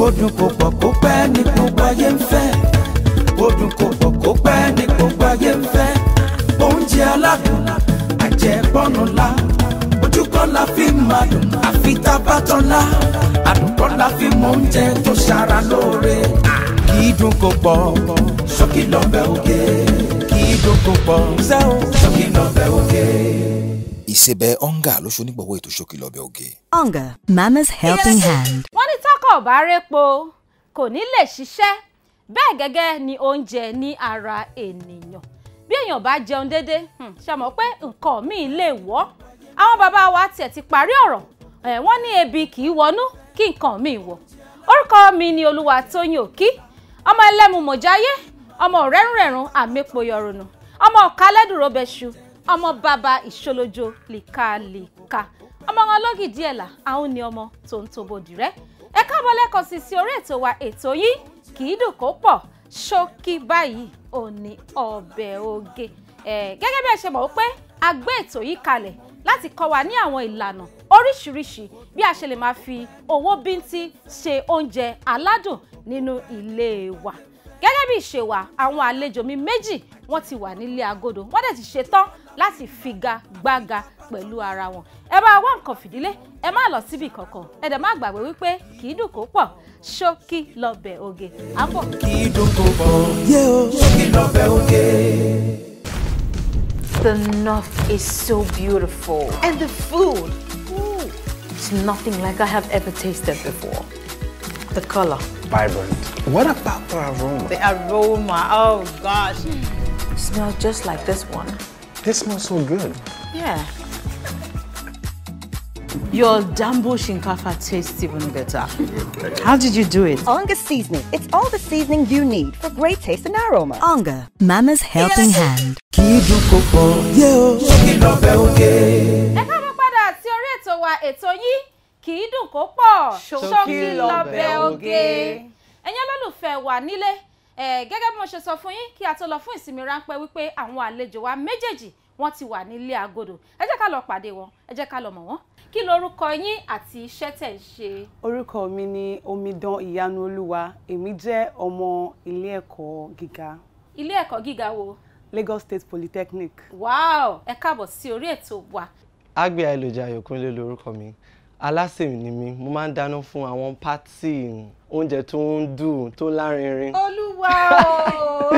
kó dùn kó pọ̀ kó pẹ́ ní gbogbo ayé ń fẹ́ kó dùn kó pọ̀ kó pẹ́ ní gbogbo ayé ń fẹ́ oúnjẹ aládùn àjẹgbọ́nù la ojúkọ́ la fi máa dùn àfi tá a bá tán la àdùnkọ́ la fi mọ oúnjẹ tó ṣara lóore kì í dùn kó pọ̀ ṣókí lọ́bẹ̀ oge kì í dùn kó pọ̀ ṣókí lọ́bẹ̀ oge. ìṣebẹ̀ ọ̀ngà ló ṣonígbọ̀wọ́ ètò ṣókí lọ́bẹ̀ oge. ọ̀ngà mama's helping hand ò bá répo kò ní lè ṣiṣẹ́ bẹ́ẹ̀ gẹ́gẹ́ ni oúnjẹ ní ara ènìyàn bí èèyàn bá jẹun dédé hmm, ṣe mọ̀ pé nǹkan míì lè wọ́ àwọn bàbá wa tiẹ̀ ti parí ọ̀rọ̀ wọ́n ní ebi kì í wọnú kí nǹkan míì wọ̀ orúkọ mi ni olúwa tóyìn òkí ọmọ ẹlẹ́mu mọ̀jáyé ọmọ rẹ́rùnrẹ́rùn àmẹ́pọ̀yọ̀rùnù ọmọ kálẹ́dùrọ̀bẹ̀ṣu ọmọ bàbá ìṣolójo líkalíka ọmọ wọn lógìdí ẹ̀là àwọn ni ọmọ tó ń tobo dìrẹ́ káàbọ̀ lẹ́kọ̀ọ́ sí sí orí ètò wa ètò yìí kì í dùn kó pọ̀ ṣókí báyìí ò ní ọbẹ̀ oge gẹ́gẹ́ bí ẹ ṣe mọ̀ pé a gbé ètò yìí kalẹ̀ láti kọ́ wa ní àwọn ìlànà oríṣiríṣi bí a ṣe lè máa fi owó bíntín ṣe oúnjẹ aládùn nínú ilé wa gẹ́gẹ́ bí ìṣe àwọn àlejò mi méjì wọ́n ti wà nílé agodo wọ́n dẹ̀ ti ṣetán láti figagbága pẹ̀lú ara wọn ẹ bá wá nǹkan fìdílé ẹ má lọ síbi kankan ẹ dẹ̀ má gbàgbé wípé kì í dùn kó pọ̀ ṣókí lọ́bẹ̀ oge à bọ̀. kì í dùn kó pọ̀ ṣókí lọ́bẹ̀ oge. The north is so beautiful and the food, ooh, it's nothing like I have ever tasted before. The color. Vibrant. What about the aroma? The aroma, oh gosh. Mm. Smells just like this one. This smells so good. Yeah. Your Dambo Shinkafa tastes even better. How did you do it? Onga seasoning. It's all the seasoning you need for great taste and aroma. Onga, Mama's helping hand. kì í dùn kó pọ̀ ṣókí lọ́bẹ̀ oge ẹ̀yin olólùfẹ́ wà nílé gẹ́gẹ́ bí mo ṣe sọ fún yín kí a tó lọ fún ìsinmi ráńpẹ́ wípé àwọn àlejò wa méjèèjì wọ́n ti wà nílé agodo ẹ jẹ́ ká lọ pàdé wọn ẹ jẹ́ ká lọ mọ̀ wọ́n kí lorúkọ yín àti iṣẹ́ tẹ̀ ń ṣe. orúkọ mi ni omidan ìyanu olúwa èmi jẹ́ ọmọ ilé ẹ̀kọ́ gíga. ilé ẹ̀kọ́ gíga wo. Lagos State Polytechnic. wow ẹ káàbọ̀ sí orí ètò wa. àgbẹ̀ àìlòjà ayọ̀kúnlé lorúkọ mi alásè ni mi mo máa ń dáná fún àwọn pátì oúnjẹ tó ń dùn tó lárinrin. olúwa ooo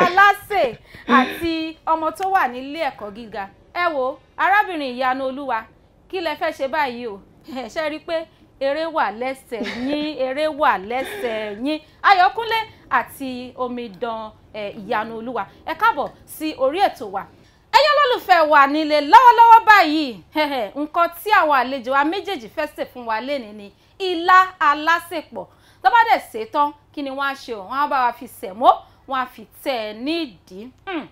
alásè àti ọmọ tó wà nílé ẹ̀kọ́ gíga ẹ wo arábìnrin ìyanu olúwa kí lẹ fẹ́ ṣe báyìí o ṣe rí i pé eré wà lẹ́sẹ̀ yín eré wà lẹ́sẹ̀ yín ayọ̀kúnlé àti omidan ìyanu olúwa ẹ káàbọ̀ sí orí ètò wa olólùfẹ́ wa nílé lọ́wọ́lọ́wọ́ báyìí nǹkan tí àwọn àlejò wa méjèèjì fẹ́ sè fún wa lénìí ni ilá alásèpọ̀ tó bá dẹ̀ ṣe tán kí ni wọ́n á ṣe òun á bá wa fi sẹ̀mó wọ́n á fi tẹ̀ ẹ́ nídìí. Hmm.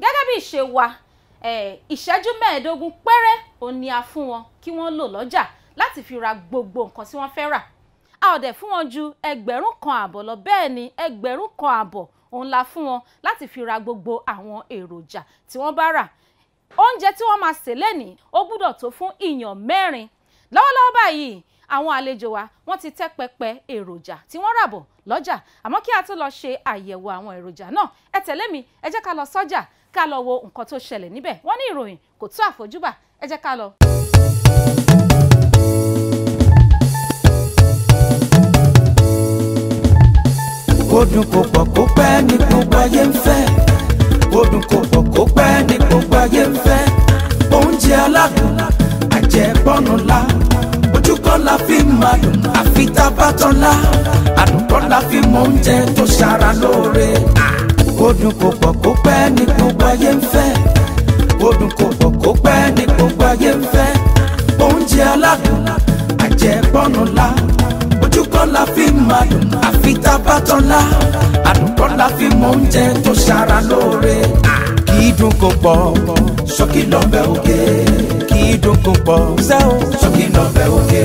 gẹ́gẹ́ bí ìṣe wa ìṣẹ́jú mẹ́ẹ̀ẹ́dógún péré òun a fún wọn kí wọ́n lò lọ́jà láti fi ra gbogbo nǹkan tí wọ́n fẹ́ rà a ò dẹ̀ fún wọn ju ẹgbẹ̀rún kan àbọ̀ lọ bẹ́ẹ̀ ni ẹgbẹ̀rún kan àbọ̀ òun la fún wọn láti fi ra gbogbo àwọn èròjà tí wọ́n bá rà oúnjẹ tí wọ́n máa sè lẹ́nìí ó gbúdọ̀ tó fún ìyàn mẹ́rin lọ́wọ́lọ́wọ́ báyìí àwọn àlejò wa wọ́n ti tẹ́ pẹpẹ èròjà tí wọ́n rà bọ̀ lọ́jà àmọ́ kí a tó lọ ṣe àyẹ̀wò àwọn èròjà náà ẹ tẹ̀lé mi ẹ jẹ́ ká lọ sọ́jà ká lọ wo nǹkan tó ṣẹlẹ̀ níbẹ̀ wọ́n ní ìròyìn kò tó àfojúbà ẹ jẹ́ ká lọ. kó dùn kó pọ̀ kó pẹ́ ní gbogbo ayé ń fẹ́ kó dùn kó pọ̀ kó pẹ́ ní gbogbo ayé ń fẹ́ oúnjẹ aládùn àjẹbọ́nù la ojúkọ́ la fi máa dùn àfi tá a bá tán la àdùnkọ́ la fi mọ oúnjẹ tó ṣara lóore kó dùn kó pọ̀ kó pẹ́ ní gbogbo ayé ń fẹ́ kó dùn pọ̀ kó pẹ́ ní gbogbo ayé ń fẹ́ oúnjẹ aládùn àjẹbọ́nù la máa dùn àfi fi mọ oúnjẹ tó ṣara lóore kì í dùn kó pọ̀ ṣókí lọ́bẹ̀ òkè kì í dùn kó pọ̀ ṣókí lọ́bẹ̀ òkè.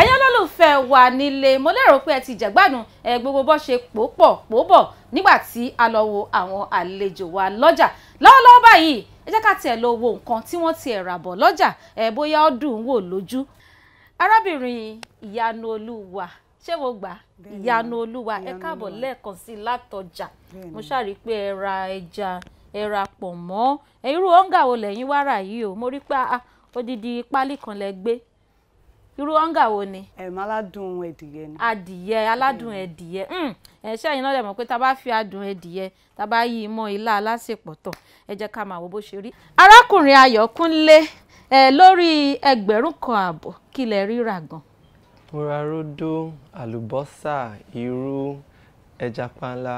ẹ̀yọ́ olólùfẹ́ wa nílé mo lérò pé ẹ ti jẹ̀gbádùn ẹ gbogbo bó ṣe pòópọ̀ pòóbọ̀ nígbà tí a lọ wo àwọn àlejò wa lọ́jà lọ́wọ́lọ́wọ́ báyìí ẹ jẹ́ ká tiẹ̀ lọ wo nǹkan tí wọ́n ti rà bọ̀ lọ́jà ẹ bóyá ó dùn wò lójú arábìnrin ìyanu olúwa ṣé mo gbà ìyanu olúwa ẹ káàbọ̀ lẹ́ẹ̀kan sí i látọjà mo ṣàrí pé ẹ ẹja ẹ pọ̀ mọ́ irú ọ̀ǹgà wo lẹ́yìn wá yìí o mo rí pé ah, odidi pálí kan lẹ gbé irú ọ̀ǹgà wo ni. ẹ̀m aládùn ẹ̀dìyẹ ni. adìyẹ aládùn ẹ̀dìyẹ ẹ̀ṣẹ́ yìí náà lè mọ̀ pé tá a bá fi adùn ẹ̀dìyẹ tá a bá yí i mọ́ ilá alásèpọ̀ tọ̀ ẹ jẹ́ ká máa wo bó ṣe rí. arákùnrin Ayọ̀kúnlé ẹ lórí ẹgbẹ̀rún kan ààbọ̀ kílẹ̀ rírà gan-an mo ra ródó àlùbọ́sà irú ẹja panla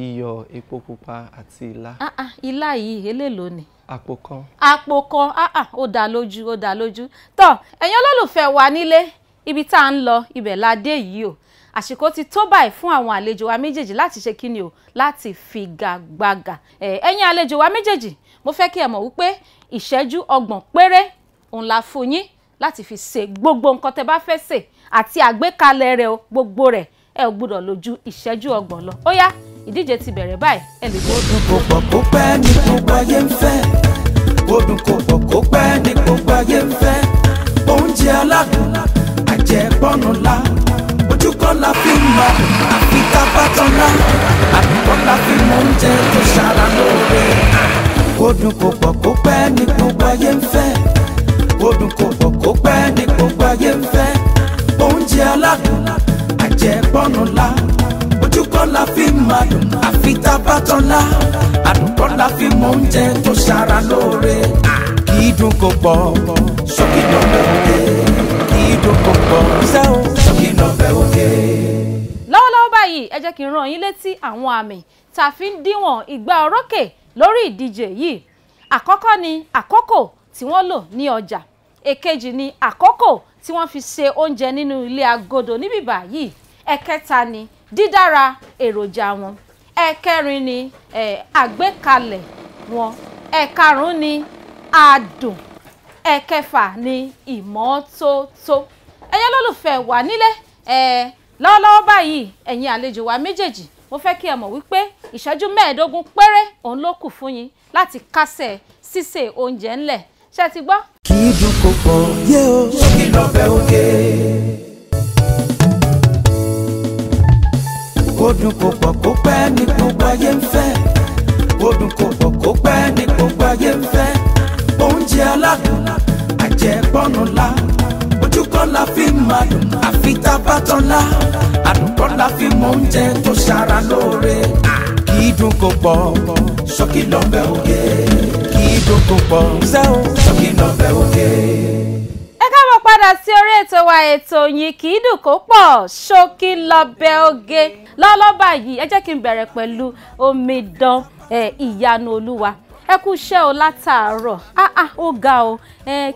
iyọ̀ epo pupa àti ilá. ah ah ilá yìí eléèlò ni. àpò kan. àpò kan ah ah ó dá lójú ó dá lójú tó ẹ̀yin olólùfẹ́ wa nílé ibi tá à ń lọ ibẹ̀ la dé yìí o àsìkò ti tó báyìí fún àwọn àlejò wa méjèèjì láti ṣe kí ni o láti figagbága ẹ̀yin àlejò wa méjèèjì mo fẹ́ kí ẹ mọ̀ wípé ìṣẹ́jú ọgbọ̀n péré òun la fún yín láti fi ṣe gbogbo nǹkan tẹ bá fẹ́ ṣe àti àgbékalẹ̀ rẹ̀ o gbogbo rẹ̀ ẹ ò gbúdọ̀ lójú ìṣẹ́jú ọgbọ̀n lọ ó yá ìdíje ti bẹ̀rẹ̀ báyìí ẹ lè gbọ́. odun kò pọ̀ kó pẹ́ ní gbogbo ayé ń fẹ́ odun kò pọ̀ kó pẹ́ ní gbogbo ayé ń fẹ́ oúnjẹ aládùn àjẹbọ́nùlá ojúkọ́ la fi ń ma àfi tábàtọ́lá àbíkọ́ la fi mọ oúnjẹ tó ṣara lóore. odun kò pọ̀ kó pẹ́ ní gbogbo ayé ń fẹ́ odun kò pọ̀ kó pẹ́ ní gbogbo ayé ń fẹ́. máa dùn àfi tá a bá tọ́lá àdùntọ́lá fi mọ oúnjẹ tó ṣara lóore kì í dùn kó pọ̀ ṣókí lọ́bẹ̀ òde kì í dùn kó pọ̀ sẹ́wọ̀n ṣókí lọ́bẹ̀ lọ́wọ́lọ́wọ́ báyìí ẹ jẹ́ kí n rán yín létí àwọn àmì tá a fi ń díwọ̀n ìgbà orókè lórí ìdíje yìí àkọ́kọ́ ni àkókò tí wọ́n lò ní ọjà èkejì ni àkókò tí wọ́n fi ṣe oúnjẹ nínú ilé agodo níbí báyìí ẹ̀kẹta ni dídára èròjà wọn ẹ̀kẹrin ni àgbékalẹ̀ wọn ẹ̀karùn-ún ni adùn ẹ̀kẹfà ni ìmọ́tótó ẹ̀yẹ́ lólùfẹ́ wà nílé lọ́wọ́lọ́wọ́ báyìí ẹ̀yin àlejò wa méjèèjì mo fẹ́ kí ẹ mọ̀ wípé ìṣẹ́jú mẹ́ẹ̀ẹ́dógún péré òun ló kù fún yín láti kásẹ̀ sísè oúnjẹ ńlẹ̀ ṣé ti gbọ́. kì í dùn kò pọ̀ yé o kí lọ́ọ́ fẹ́ oge. kó dùn kó pọ̀ kó pẹ́ ní gbogbo ayé ń fẹ́ kó dùn kó pọ̀ kó pẹ́ ní gbogbo ayé ń fẹ́ oúnjẹ aládùn àjẹbọ́nu la ojúkọ́ la fi máa dùn àfi tá la àdùnkọ́ la fi mọ oúnjẹ tó ṣara lóore kì í dùn kó pọ̀ ṣọ́kì lọ́bẹ̀ òye kì í dùn kó pọ̀ ṣọ́kì lọ́bẹ̀ òye ètò wa ètò yìí kì í dùn kó pọ̀ ṣókí lọ́bẹ̀ oge lọ́lọ́ba yìí ẹ jẹ́ kí n bẹ̀rẹ̀ pẹ̀lú omidan ìyanu olúwa ẹ kú iṣẹ́ o látàárọ̀ ah, ah, ó ga o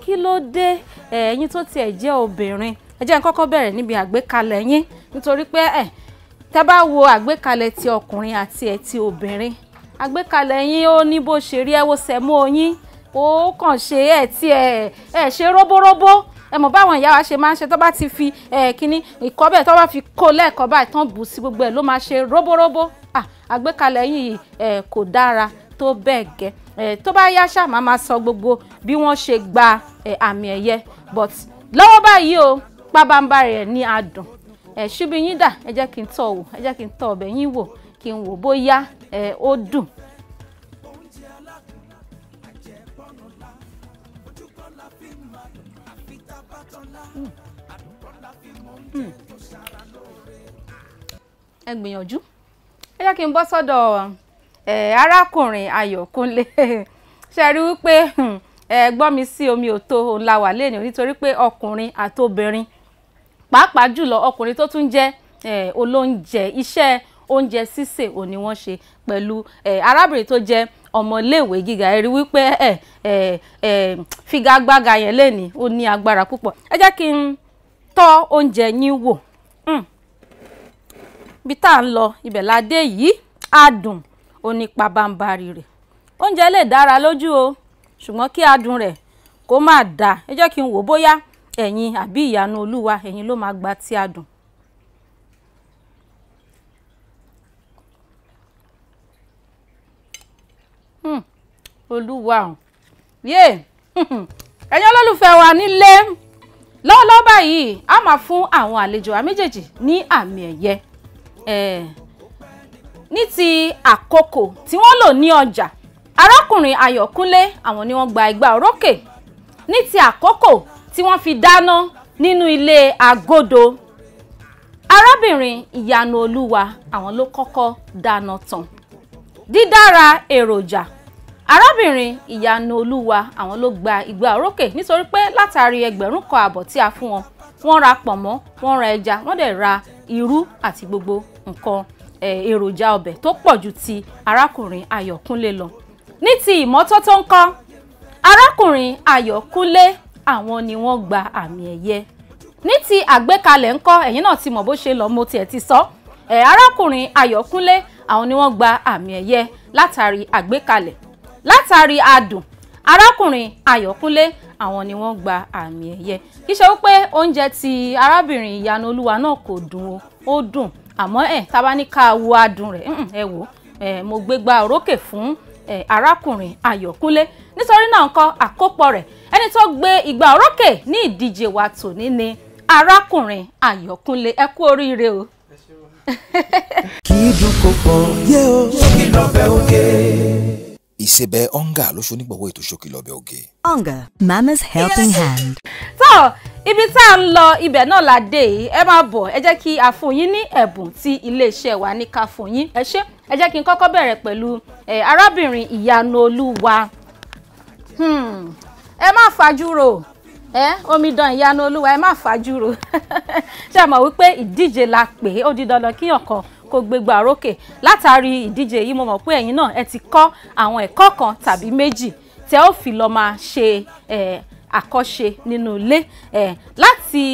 kí ló dé ẹ̀yin tó tiẹ̀ jẹ́ obìnrin ẹ jẹ́ n kọ́kọ́ bẹ̀rẹ̀ níbi àgbékalẹ̀ yín nítorí pé ẹ̀ tẹ́ bá wo àgbékalẹ̀ ti ọkùnrin àti ẹ̀ ti obìnrin àgbékalẹ̀ yín ó ní bó ṣe rí ẹ wo sẹ̀mó yín ó kàn ṣe ẹ̀ tí ẹ̀ ẹ̀ ṣe róbóróbó ẹ mọ̀ báwọn ìyá wa ṣe máa ń ṣe tó bá ti fi kínní ìkọ́bẹ̀ tó bá fi kó lẹ́ẹ̀kọ́ báyìí tán bù sí gbogbo ẹ̀ ló máa ṣe róbóróbó àgbékalẹ̀ yìí kò dára tó bẹ́ẹ̀ gẹ́ tó bá yá ṣáà máa máa sọ gbogbo bí wọ́n ṣe gba àmì ẹ̀yẹ but lọ́wọ́ báyìí o pábánbarì ẹ̀ ní adùn ṣubú yín dà ẹ jẹ́ kí n tọ̀ wò ẹ jẹ́ kí n tọ̀ ọbẹ̀ yín wò kí n wò bóyá ó dùn Hmm. ẹ gbìyànjú ẹ jẹ́ kí n bọ́ sọ́dọ̀ arákùnrin Ayọ̀kúnlé ṣe rí wípé hmm, gbọ́ mi sí omi ò tó òun la wà lẹ́nu nítorí pé ọkùnrin àtobìnrin pàápàá jùlọ ọkùnrin tó tún jẹ́ olóúnjẹ iṣẹ́ oúnjẹ sísè òun ni wọ́n ṣe pẹ̀lú arábìnrin tó jẹ́ ọmọléèwé gíga ẹ rí wípé ẹ ẹ ẹ figagbága yẹn lẹ́ni ó ní agbára púpọ̀ ẹ jẹ́ kí n tọ́ oúnjẹ yín wò hmm. bí tá à ń lọ ibẹ̀ la dé yìí adùn onípa bámbárì rẹ̀ oúnjẹ lè dára lójú o ṣùgbọ́n kí adùn rẹ̀ kó má dà ẹ jẹ́ kí n wò bóyá ẹ̀yin àbí ìyanu olúwa ẹ̀yin ló máa gba ti adùn. Hmm. olúwa ò yé hmm, ẹ̀yin olólùfẹ́ wa nílé lọ́wọ́lọ́wọ́ báyìí a máa fún àwọn àlejò wa méjèèjì ní àmì ẹ̀yẹ ní ti àkókò tí wọ́n lò ní ọjà arákùnrin Ayọ̀kúnlé àwọn ni wọ́n gba igba orókè ní ti àkókò tí wọ́n fi dáná nínú ilé agodo arábìnrin Ìyanu Olúwa àwọn ló kọ́kọ́ dáná tán dídára èròjà arábìnrin ìyanu olúwa àwọn ló gba ìgbà orókè nítorí pé látàrí ẹgbẹ̀rún kan àbọ̀ tí a fún wọn wọ́n ra pọ̀nmọ́ wọ́n ra ẹja wọ́n dẹ̀ ra irú àti gbogbo nǹkan èròjà ọbẹ̀ tó pọ̀ ju ti arákùnrin ayọ̀kúnlé lọ ní ti ìmọ́tótó ńkọ́ arákùnrin ayọ̀kúnlé àwọn ni wọ́n gba àmì ẹ̀yẹ ní ti àgbékalẹ̀ ńkọ́ ẹ̀yin náà ti mọ̀ bó ṣe lọ mo tiẹ̀ ti sọ ẹ̀ arákùnrin ayọ̀kúnlé àwọn ni wọ́n gba àmì ẹ̀yẹ látàrí àgbékalẹ̀ látàrí adùn arákùnrin ayọ̀kúnlé àwọn ni wọ́n gba àmì ẹ̀yẹ kì í ṣe wípé oúnjẹ ti arábìnrin ìyanu olúwa náà kò dùn ó dùn àmọ́ ẹ̀ tá a bá ní ká wo adùn rẹ̀ ẹ wò ẹ mo gbégbá orókè fún ẹ arákùnrin ayọ̀kúnlé nítorí náà nǹkan àkópọ̀ rẹ̀ ẹni tó gbé ìgbà orókè ní ìdíje wa tòní ni arákùnrin ayọ̀kúnlé ẹ kú oríire o kì í dùn kò pọ̀ yé o kí lọ́bẹ̀ òkè. Isebe Onga ló ṣonígbọ̀wọ́ ètò ṣókí lọ́bẹ̀ oge. Onga, Mama's helping hand. So, ibi tá à ń lọ ibẹ̀ náà la dé yìí ẹ máa bọ̀ ẹ jẹ́ kí a fún yín ní ẹ̀bùn tí iléeṣẹ́ wa ní ká fún yín ẹ ṣé ẹ jẹ́ kí n kọ́kọ́ bẹ̀rẹ̀ pẹ̀lú arábìnrin ìyanu olúwa hmm. ẹ má fajúro ẹ omidan ìyanu olúwa ẹ má fajúro ṣe mọ̀ wípé ìdíje la pè é ó di dandan kí ọ̀kan kó gbégbá rókè látàrí ìdíje yìí mo mọ̀ pé ẹ̀yin náà ẹ ti kọ́ àwọn ẹ̀kọ́ kan tàbí méjì tẹ́ ó fi lọ́ọ́ máa ṣe àkọ́ṣe nínú ilé láti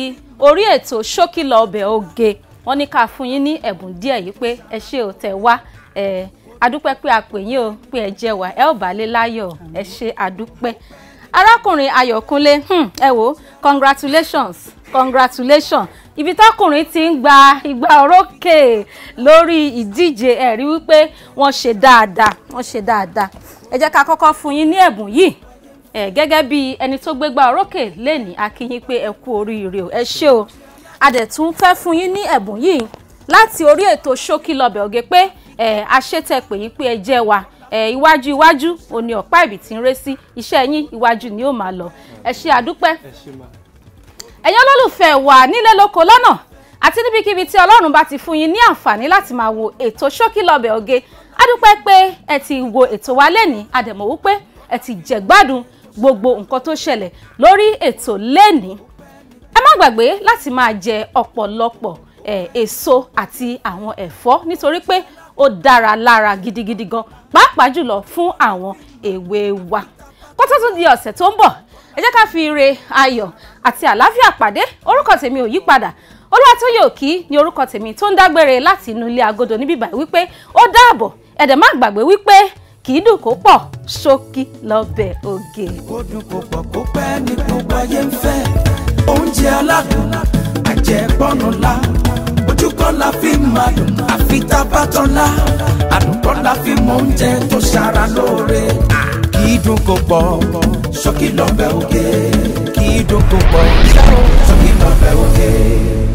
orí ètò ṣókìlọ̀ ọbẹ̀ oge wọ́n ní ká fún yín ní ẹ̀bùn díẹ̀ yìí pé ẹ ṣe ò tẹ̀ wá adúpẹ́ pé a pè yín o pé ẹ jẹ́ wa ẹ ò bá lé láyọ̀ ẹ ṣe adúpẹ́ arákùnrin ayọ̀kúnlé hmm, ẹ wò congratulations congratulations ibi tọkùnrin ti ń gba igba orókè lórí ìdíje ẹ̀rí wípé wọ́n ṣe dáadáa wọ́n ṣe dáadáa ẹ jẹ́ ká kọ́kọ́ fún yín ní ẹ̀bùn yìí ẹ gẹ́gẹ́ bí ẹni tó gbégbá orókè lẹ́ni akínyín pé ẹ kú oríire o ẹ ṣé o a dẹ̀ tún fẹ́ fún yín ní ẹ̀bùn yìí láti orí ètò ṣókí lọ́bẹ̀ òge pé ẹ aṣẹ́tẹ̀pẹ̀ yìí pé ẹ jẹ́ wa ẹ iwájú iwájú òní ọ̀pá ìbí tí ń ré sí iṣẹ́ yín iwájú ni ó máa lọ ẹ ṣe àdúpẹ́ ẹ̀yin olólùfẹ́ wa nílé lóko lọ́nà àti níbikíbi tí ọlọ́run bá ti fún yín ní àǹfààní láti máa wo ètò ṣókí lọ́bẹ̀ oge adúpẹ́ pé ẹ ti wo ètò wa lẹ́nìí àdẹ̀mọ̀ wípé ẹ ti jẹ̀gbádùn gbogbo nǹkan tó ṣẹlẹ̀ lórí ètò lẹ́nìí ẹ má gbàgbé láti máa jẹ ọ̀pọ̀lọpọ̀ èso àti àwọn ẹ̀fọ́ nítorí pé ó dára lára gidigidi gan pàápàá jùlọ fún àwọn èwe wa kó tó tún di ọ̀sẹ̀ tó ń bọ̀ ẹ jẹ́ ká fi ire ayọ̀ àti àlàáfíà pàdé orúkọ tèmi ò yí padà olúwatóyè òkí ni orúkọ tèmi tó ń dágbére láti inú ilé agodo níbí báyìí wípé ó dáàbọ̀ ẹ má gbàgbé wípé kì í dùn kó pọ̀ ṣókí lọ́bẹ̀ oge. ó dùn kó pọ̀ kó pẹ́ ní gbogbo ayé ń fẹ́ oúnjẹ aládùn àjẹbọ́nù la ojúkọ́ la fi máa dùn àfi tábàtàn la àdùnkọ́ la fi mọ oúnjẹ tó ṣara lóore kì í dùn kó pọ̀. ṣókí lọ́bẹ̀ òkè. kì í dùn kó pọ̀. ṣókí lọ́bẹ̀ òkè.